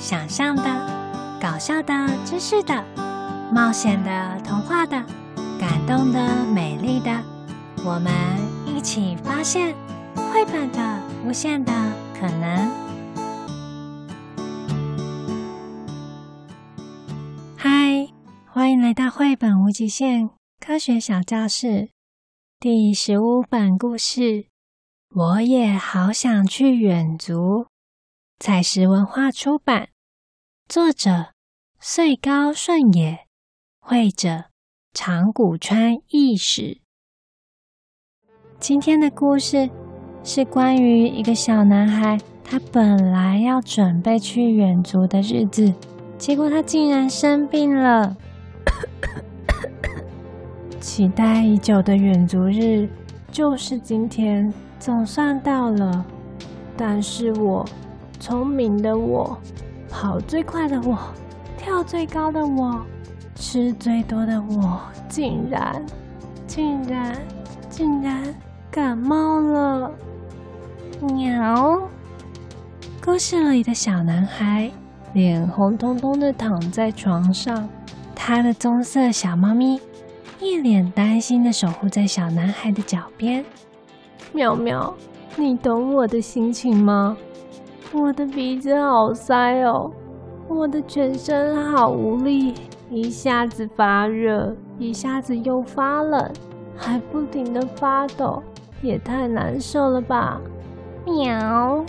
想象的、搞笑的、知識的、冒險的、童話的、感動的、美麗的，我們一起發現繪本的無限的可能。嗨，歡迎來到繪本無極限科學小教室第十五本故事，我也好想去遠足。采實文化出版，作者穗高順也，繪者長谷川義史。今天的故事是關於一個小男孩，他本來要準備去遠足的日子，結果他竟然生病了。 期待已久的遠足日就是今天，總算到了，但是我。聰明的我，跑最快的我，跳最高的我，吃最多的我，竟然，竟然，竟然感冒了！喵。故事裡的小男孩臉紅彤彤的躺在床上，他的棕色小貓咪一臉擔心的守護在小男孩的腳邊。喵喵，你懂我的心情嗎？我的鼻子好塞哦，我的全身好無力，一下子發熱，一下子又發冷，還不停的發抖，也太難受了吧！喵。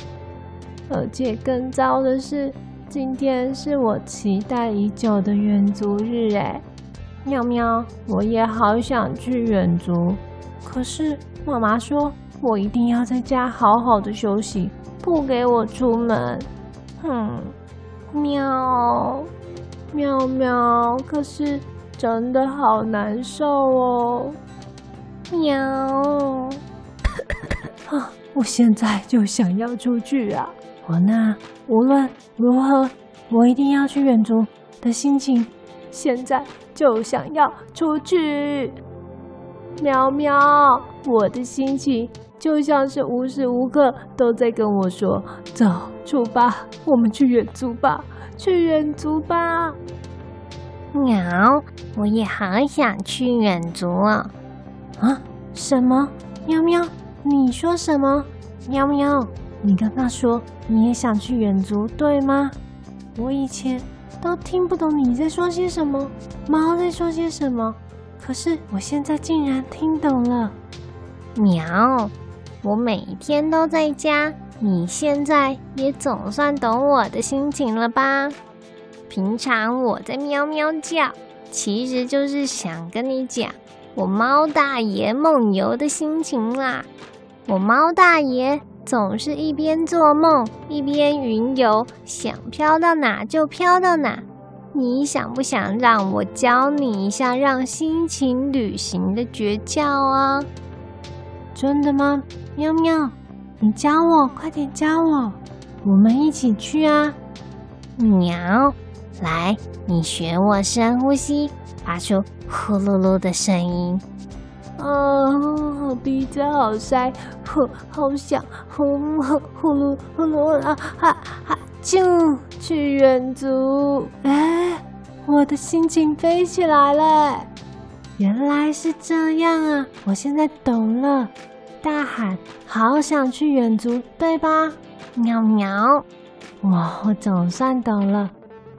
而且更糟的是，今天是我期待已久的遠足日誒。喵喵，我也好想去遠足，可是媽媽說，我一定要在家好好的休息。不給我出門，哼、嗯！喵，喵喵！可是真的好難受哦，喵！啊，我現在就想要出去啊！我、oh, 呢，無論如何，我一定要去遠足的心情，現在就想要出去！喵喵，我的心情。就像是無時無刻都在跟我說：“走，出發，我們去遠足吧，去遠足吧。”喵，我也好想去遠足啊，哦。啊？什麼？喵喵？你說什麼？喵喵？你剛剛說你也想去遠足，對嗎？我以前都聽不懂你在說些什麼，貓在說些什麼，可是我現在竟然聽懂了。喵……我每天都在家，你現在也總算懂我的心情了吧？平常我在喵喵叫，其實就是想跟你講我貓大爺夢遊的心情啦。我貓大爺總是一邊做夢一邊雲遊，想飄到哪就飄到哪。你想不想讓我教你一下讓心情旅行的訣竅啊？真的嗎？喵喵，你教我，快點教我，我們一起去啊！喵，來，你學我深呼吸，發出呼嚕嚕的聲音。啊、哦，鼻子好塞，好想呼呼呼嚕呼嚕，呼嚕啊！哈啊，就去遠足！哎，我的心情飛起來了！原來是這樣啊，我現在懂了。大喊：“好想去遠足，對吧？”喵喵！哇，我總算懂了。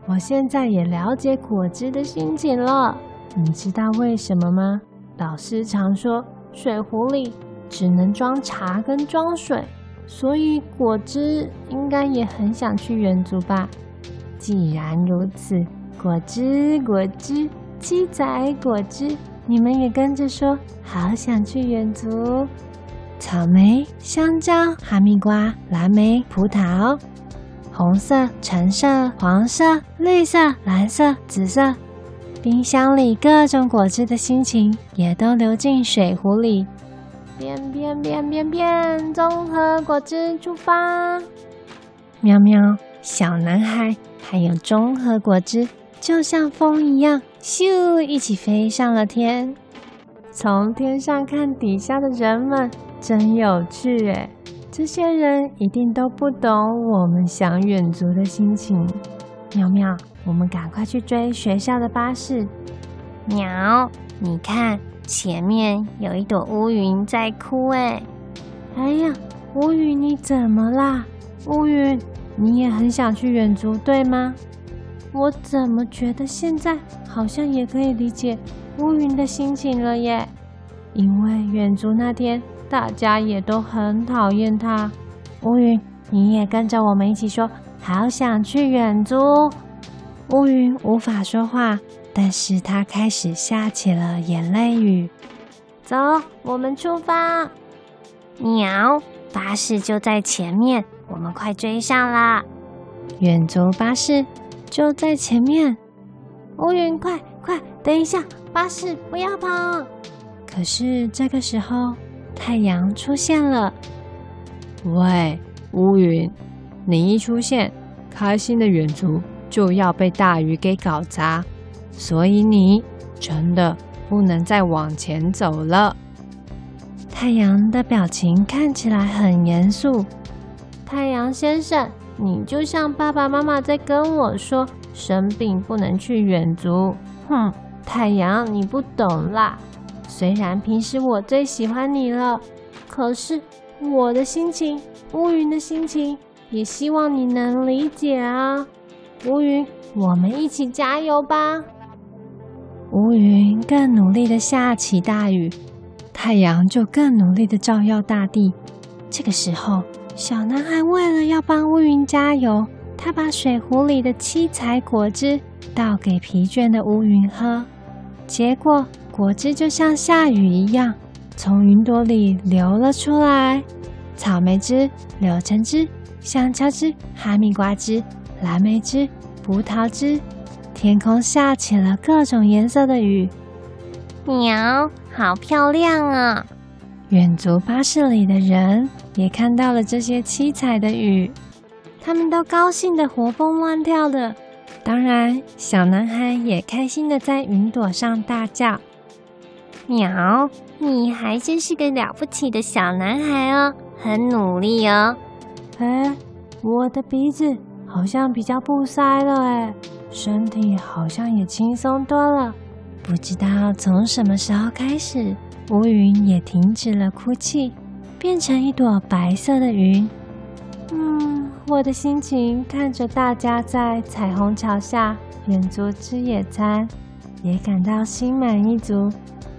我現在也了解果汁的心情了。你知道為什麼嗎？老師常說，水壺裡只能裝茶跟裝水，所以果汁應該也很想去遠足吧？既然如此，果汁，果汁，雞仔果汁，你們也跟着說：“好想去遠足。”草莓、香蕉、哈密瓜、藍莓、葡萄，紅色、橙色、黃色、綠色、藍色、紫色，冰箱裡各種果汁的心情也都流進水壺裡，變變變變變，綜合果汁出發！喵喵，小男孩還有綜合果汁，就像風一樣咻，一起飛上了天。從天上看底下的人們。真有趣哎，這些人一定都不懂我們想遠足的心情。苗苗，我們趕快去追學校的巴士。苗，你看前面有一朵烏雲在哭哎。哎呀，烏雲你怎麼啦？烏雲，你也很想去遠足，對嗎？我怎麼覺得現在好像也可以理解烏雲的心情了耶？因為遠足那天。大家也都很討厭他。烏雲，你也跟着我們一起說：“好想去遠足。”烏雲無法說話，但是他開始下起了眼淚雨。走，我們出發。鳥，巴士就在前面，我們快追上了。遠足巴士就在前面。烏雲，快快，等一下，巴士不要跑。可是這個時候。太陽出現了，喂，烏雲，你一出現，開心的遠足就要被大雨給搞砸，所以你真的不能再往前走了。太陽的表情看起來很嚴肅。太陽先生，你就像爸爸媽媽在跟我說生病不能去遠足。哼，太陽，你不懂啦。雖然平時我最喜歡你了，可是我的心情，烏雲的心情，也希望你能理解啊。烏雲，我們一起加油吧。烏雲更努力地下起大雨，太陽就更努力地照耀大地。這個時候，小男孩為了要幫烏雲加油，他把水壺裡的七彩果汁倒給疲倦的烏雲喝，結果，果汁就像下雨一樣，從雲朵裡流了出來。草莓汁、柳橙汁、香蕉汁、哈密瓜汁、藍莓汁、葡萄汁，天空下起了各種顏色的雨。鳥好漂亮啊、哦！遠足巴士裡的人也看到了這些七彩的雨，他們都高興得活蹦亂跳的。當然，小男孩也開心地在雲朵上大叫。鳥，你還真是個了不起的小男孩哦，很努力哦。哎、欸，我的鼻子好像比較不塞了。欸，哎，身體好像也輕鬆多了。不知道從什麼時候開始，烏雲也停止了哭泣，變成一朵白色的雲。嗯，我的心情看着大家在彩虹橋下遠足吃野餐，也感到心滿意足。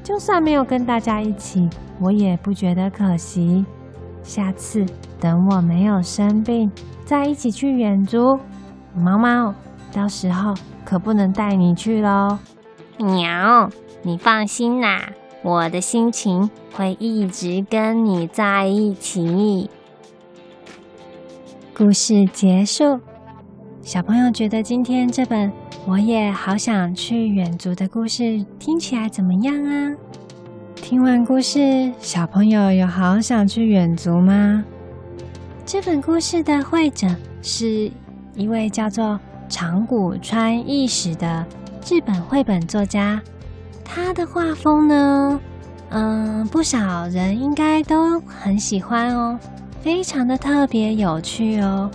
就算沒有跟大家一起，我也不覺得可惜。下次等我沒有生病，再一起去遠足。貓貓，到時候可不能帶你去嘍。喵，你放心啦，我的心情會一直跟你在一起。故事結束。小朋友覺得今天這本我也好想去遠足的故事聽起來怎麼樣啊？聽完故事，小朋友有好想去遠足嗎？這本故事的繪者是一位叫做長谷川義史的日本繪本作家，他的畫風呢，嗯，不少人應該都很喜歡哦，非常的特別有趣哦。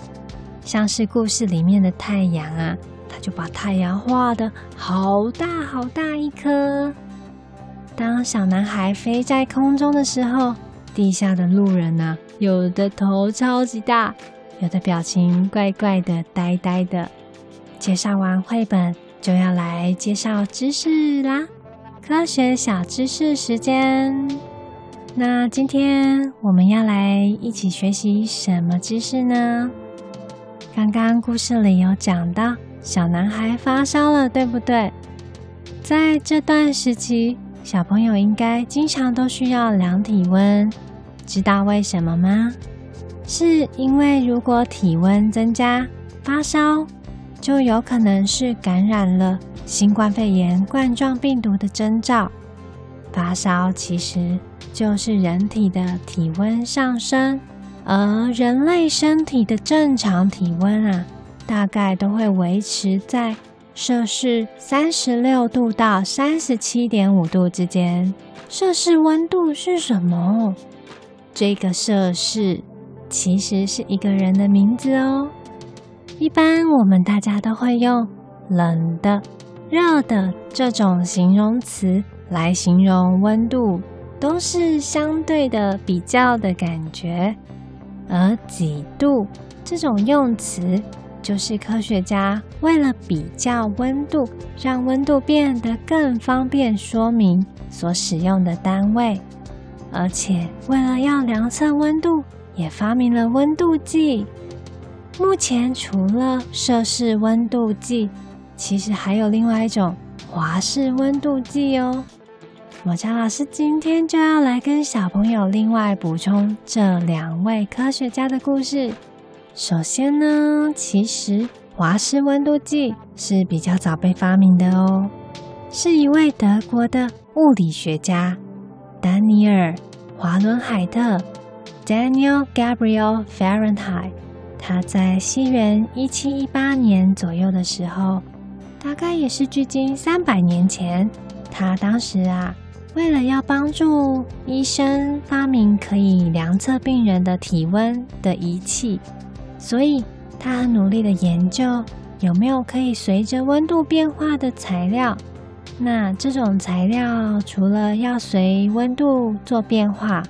像是故事裡面的太陽啊，他就把太陽畫得的好大好大一顆。當小男孩飛在空中的時候，地下的路人啊，有的頭超級大，有的表情怪怪的、呆呆的。介紹完繪本，就要來介紹知識啦！科學小知識時間。那今天我們要來一起學習什麼知識呢？剛剛故事裡有講到，小男孩發燒了，對不對？在這段時期，小朋友應該經常都需要量體溫，知道為什麼嗎？是因為如果體溫增加，發燒就有可能是感染了新冠肺炎冠狀病毒的徵兆。發燒其實就是人體的體溫上升。而人類身體的正常體溫啊，大概都會維持在攝氏三十六度到三十七點五度之間。攝氏溫度是什麼？這個攝氏其實是一個人的名字哦。一般我們大家都會用冷的、熱的這種形容詞來形容溫度，都是相對的比較的感覺。而幾度這種用詞，就是科學家為了比較溫度，讓溫度變得更方便說明所使用的單位。而且，為了要量測溫度，也發明了溫度計。目前除了攝氏溫度計，其實還有另外一種華氏溫度計哦。抹茶老師今天就要來跟小朋友另外補充這兩位科學家的故事。首先呢，其實華氏溫度計是比較早被發明的哦，是一位德國的物理學家丹尼爾·華倫海特 （Daniel Gabriel Fahrenheit）。他在西元一七一八年左右的時候，大概也是距今三百年前，他當時啊。為了要幫助醫生發明可以量測病人的體溫的儀器，所以他很努力的研究有沒有可以隨着溫度變化的材料。那這種材料除了要隨溫度做變化，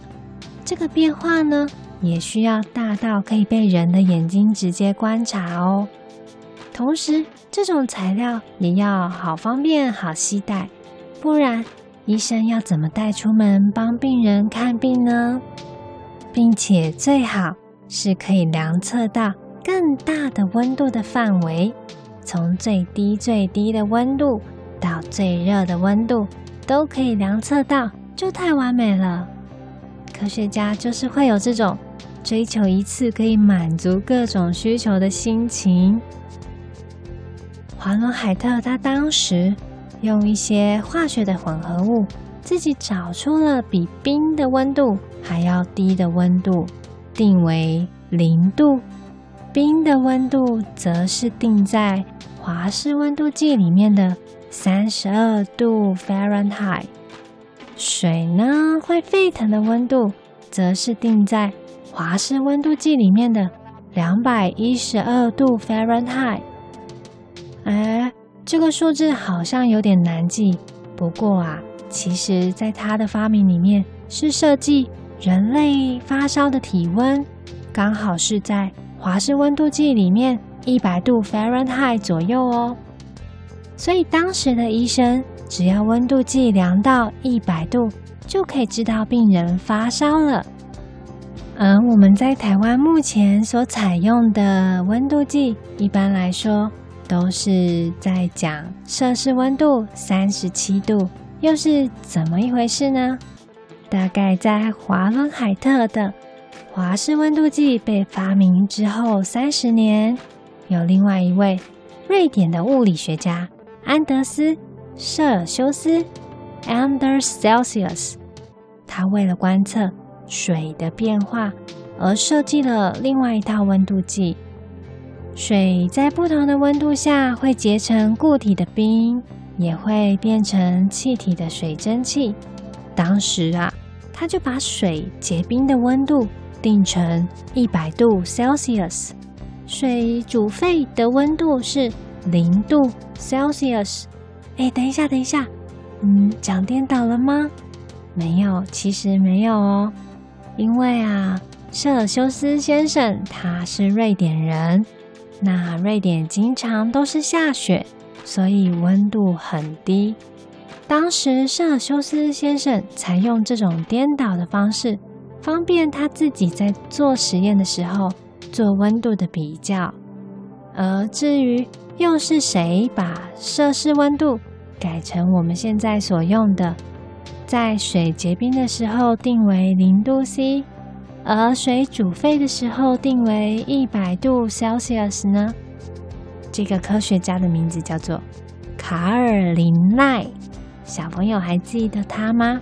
這個變化呢，也需要大到可以被人的眼睛直接觀察哦。同時，這種材料也要好方便、好攜帶，不然。醫生要怎麼帶出門幫病人看病呢？並且最好是可以量測到更大的溫度的範圍，從最低最低的溫度到最熱的溫度都可以量測到，就太完美了。科學家就是會有這種追求一次可以滿足各種需求的心情。華倫海特他當時。用一些化學的混合物，自己找出了比冰的溫度還要低的溫度，定為零度。冰的溫度則是定在華氏溫度計裡面的三十二度 Fahrenheit。水呢，會沸騰的溫度，則是定在華氏溫度計裡面的兩百一十二度 Fahrenheit。哎。這個數字好像有點難記，不過啊，其實，在它的發明裡面是設計人類發燒的體溫剛好是在華氏溫度計裡面一百度 Fahrenheit 左右哦，所以當時的醫生只要溫度計量到一百度，就可以知道病人發燒了。而我們在台灣目前所採用的溫度計，一般來說。都是在講攝氏溫度三十七度，又是怎麼一回事呢？大概在華倫海特的華氏溫度計被發明之後三十年，有另外一位瑞典的物理學家安德斯·舍爾修斯 （Anders c s s 他為了觀測水的變化而設計了另外一套溫度計。水在不同的溫度下會結成固體的冰，也會變成氣體的水蒸氣。當時啊，他就把水結冰的溫度定成一百度 Celsius，水煮沸的溫度是零度 Celsius。哎，等一下，等一下，嗯，講顛倒了嗎？沒有，其實沒有哦。因為啊，攝爾修斯先生他是瑞典人。那瑞典經常都是下雪，所以溫度很低。當時攝爾修斯先生採用這種顛倒的方式，方便他自己在做實驗的時候做溫度的比較。而至於又是誰把攝氏溫度改成我們現在所用的，在水結冰的時候定為零度 C？而水煮沸的時候定為一百度 Celsius 呢？這個科學家的名字叫做卡爾林奈，小朋友還記得他嗎？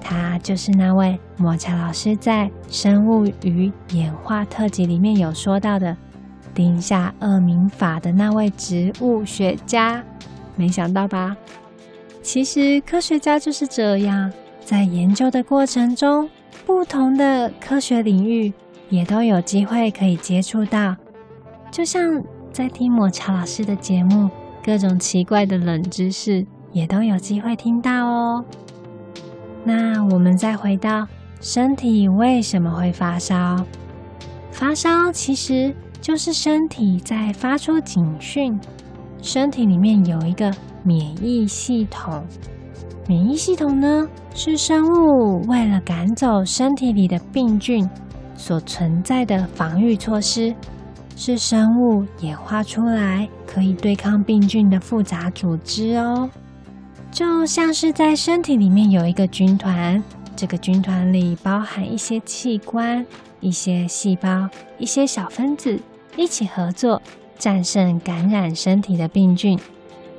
他就是那位莫喬老師在生物與演化特輯裡面有說到的，定下二名法的那位植物學家。沒想到吧？其實科學家就是這樣，在研究的過程中。不同的科學領域也都有機會可以接觸到，就像在聽抹茶老師的節目，各種奇怪的冷知識也都有機會聽到哦。那我們再回到身體為什麼會發燒？發燒其實就是身體在發出警訊，身體裡面有一個免疫系統。免疫系統呢，是生物為了趕走身體裡的病菌所存在的防禦措施，是生物演化出來可以對抗病菌的複雜組織哦。就像是在身體裡面有一個軍團，這個軍團裡包含一些器官、一些細胞、一些小分子，一起合作戰勝感染身體的病菌。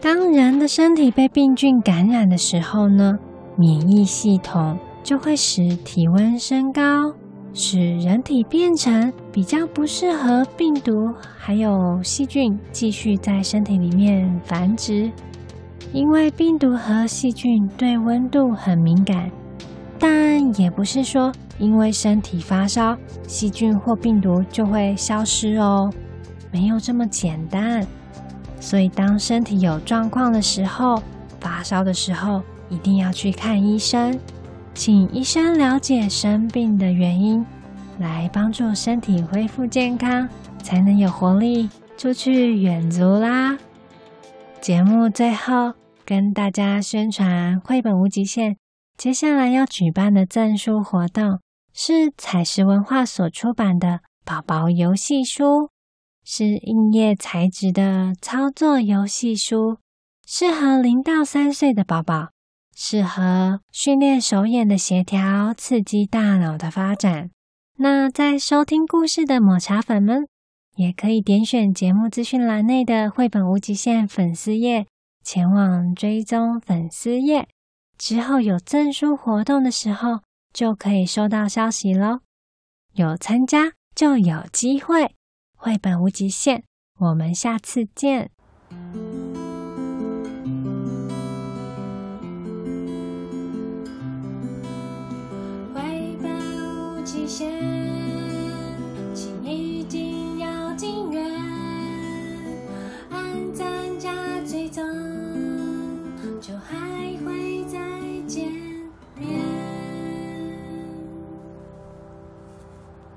當人的身體被病菌感染的時候呢，免疫系統就會使體溫升高，使人體變成比較不適合病毒還有細菌繼續在身體裡面繁殖。因為病毒和細菌對溫度很敏感，但也不是說因為身體發燒，細菌或病毒就會消失哦。沒有這麼簡單。所以，當身體有狀況的時候，發燒的時候，一定要去看醫生，請醫生了解生病的原因，來幫助身體恢復健康，才能有活力出去遠足啦。節目最後跟大家宣傳繪本無極限，接下來要舉辦的贈書活動是采實文化所出版的寶寶遊戲書。是硬頁材質的操作遊戲書，適合零到三歲的寶寶，適合訓練手眼的協調，刺激大腦的發展。那在收聽故事的抹茶粉們，也可以點選節目資訊欄內的繪本無極限粉絲頁，前往追蹤粉絲頁，之後有贈書活動的時候，就可以收到消息嘍。有參加就有機會。繪本無極限，我們下次見。